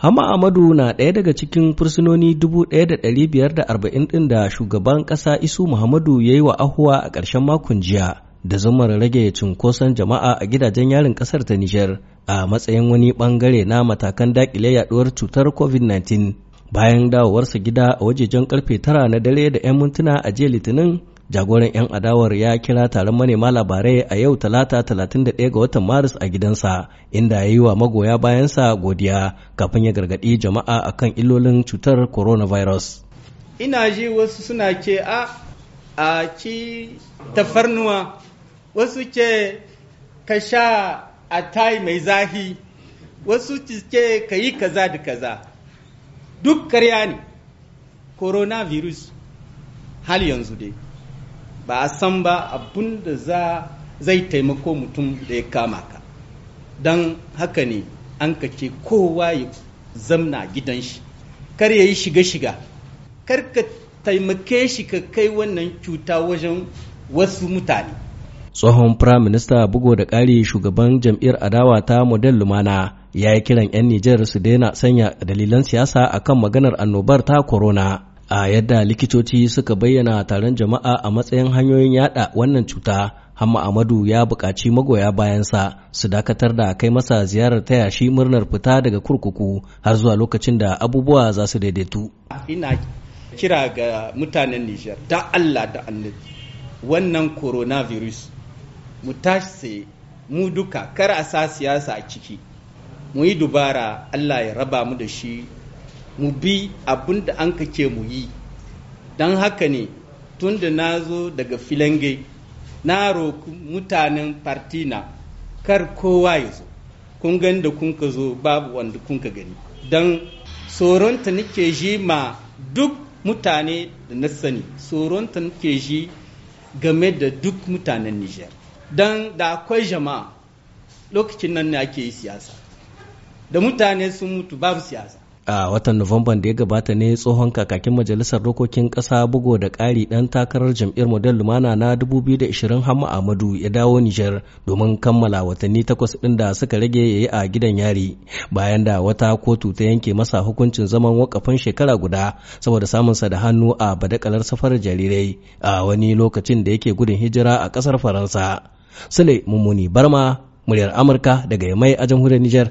Hama Amadu na ɗaya daga cikin fursunoni 1,540 ɗin da shugaban ƙasa Isu Muhammadu ya yi wa ahuwa a ƙarshen makon jiya da zumar rage cunkoson jama'a a gidajen yarin ƙasar ta Nijar a matsayin wani ɓangare na matakan daƙile yaɗuwar cutar COVID-19. Bayan dawowarsa gida a wajejen ƙarfe tara na dare da 'yan mintuna a jiya Litinin, jagoran 'yan adawar ya kira taron manema labarai a yau talata 31 ga watan maris a gidansa inda ya yi wa magoya bayansa godiya kafin ya gargaɗi jama'a akan illolin cutar coronavirus ina ji wasu suna ce a a ci tafarnuwa wasu ke ka sha a tai mai zahi wasu ke ka yi kaza da kaza duk karya ne coronavirus hal yanzu dai ba a san ba abin da zai taimako mutum da ya kama ka don haka ne an kace kowa ya zamna gidan shi kar ya yi shiga-shiga kar ka taimake shi ka kai wannan cuta wajen wasu mutane tsohon firaminista bugo da ƙari shugaban jam'iyyar adawa ta model lumana ya yi kiran 'yan nijar su daina sanya dalilan siyasa akan maganar annobar ta corona a yadda likitoci suka bayyana taron jama'a a matsayin hanyoyin yada wannan cuta hamma amadu ya bukaci magoya bayansa su dakatar da kai masa ziyarar taya shi murnar fita daga kurkuku har zuwa lokacin da abubuwa za su daidaitu ina kira ga mutanen nijar da allah da annabi wannan coronavirus mu tashi mu duka kar a sa siyasa a ciki mu yi dubara allah ya raba mu da shi mu bi abin da an kake mu yi don haka ne tun da na zo daga filange na roƙi mutanen partina kar kowa ya zo kun gani da kun ka zo babu wanda kun ka gani don tsoronta nake ji ma duk mutane da na sani tsoronta nake ji game da duk mutanen niger don da akwai jama'a lokacin nan ne ake yi siyasa da mutane sun mutu babu siyasa a watan nuwamban da ya gabata ne tsohon kakakin majalisar dokokin kasa bugo da ƙari ɗan takarar jam'iyyar model lumana na 2020 hamma amadu ya dawo nijar domin kammala watanni takwas ɗin da suka rage ya yi a gidan yari bayan da wata kotu ta yanke masa hukuncin zaman wakafin shekara guda saboda samunsa da hannu a badakalar safar jarirai a wani lokacin da yake gudun hijira a ƙasar faransa sule mummuni barma muryar amurka daga mai a jamhuriyar nijar